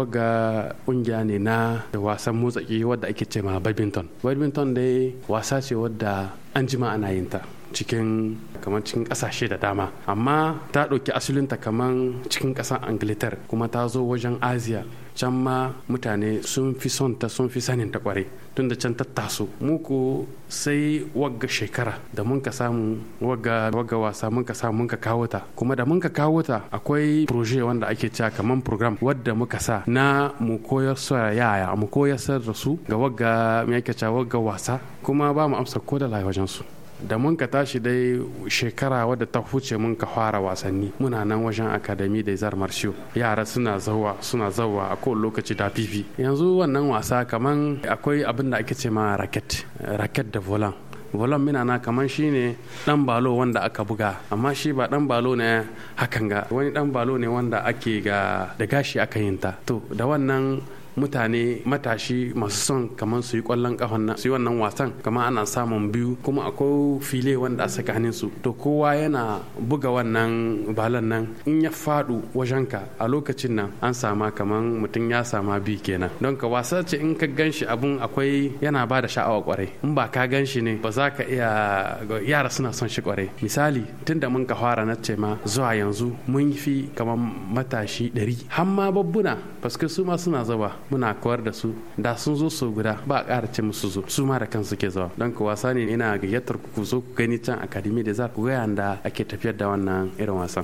waga kungiya ne na da wasan motsa wadda ake ce ma badminton badminton dai wasa ce wadda an jima ana yin ta cikin kamar cikin kasashe da dama amma ta ɗauki asulinta kamar cikin ƙasar angilitar kuma ta zo wajen asiya can ma mutane sun fi son ta sun fi sanin ta kware tun da can ta taso muku sai wagga shekara da mun ka samu wagga wasa mun ka samu mun ka kawo ta kuma da mun ka kawo ta akwai proje wanda ake cewa kamar program wadda muka sa na mu koyar sa yaya mu koyar da su ga wagga me ake cewa wagga wasa kuma ba mu amsa ko da wajen su da mun ka tashi dai shekara wadda ta huce mun ka fara wasanni muna nan wajen akademi da zar marshiyo yara suna zawa suna zawa a kowane lokaci da fifi yanzu wannan wasa kaman akwai abin da ake ce ma raket raket da volan volon na kaman shi ne dan balo wanda aka buga amma shi ba dan balo ne hakan ga wani dan balo ne wanda ake ga da gashi aka yinta to da wannan mutane matashi masu son kaman su yi kwallon kafan nan su yi wannan wasan kaman ana samun biyu kuma akwai file wanda a saka su to kowa yana buga wannan balan nan in ya fadu ka a lokacin nan an sama kaman mutum ya sama bi kenan don ka wasa ce in ka gan shi abun akwai yana ba da sha'awa kwarai in ba ka gan shi ne ba za ka iya yara suna son shi kwarai misali tunda mun ka fara na ce ma zuwa yanzu mun fi kaman matashi ɗari har ma babbuna paske su ma suna zaba muna kawar da su da sun zo su guda ba a ƙara ce musu zo su ma da kansu ke zawa don ku wasa ne ina gayyatar ku ku zo ku gani can academy da za ku ga yanda ake tafiyar da wannan irin wasan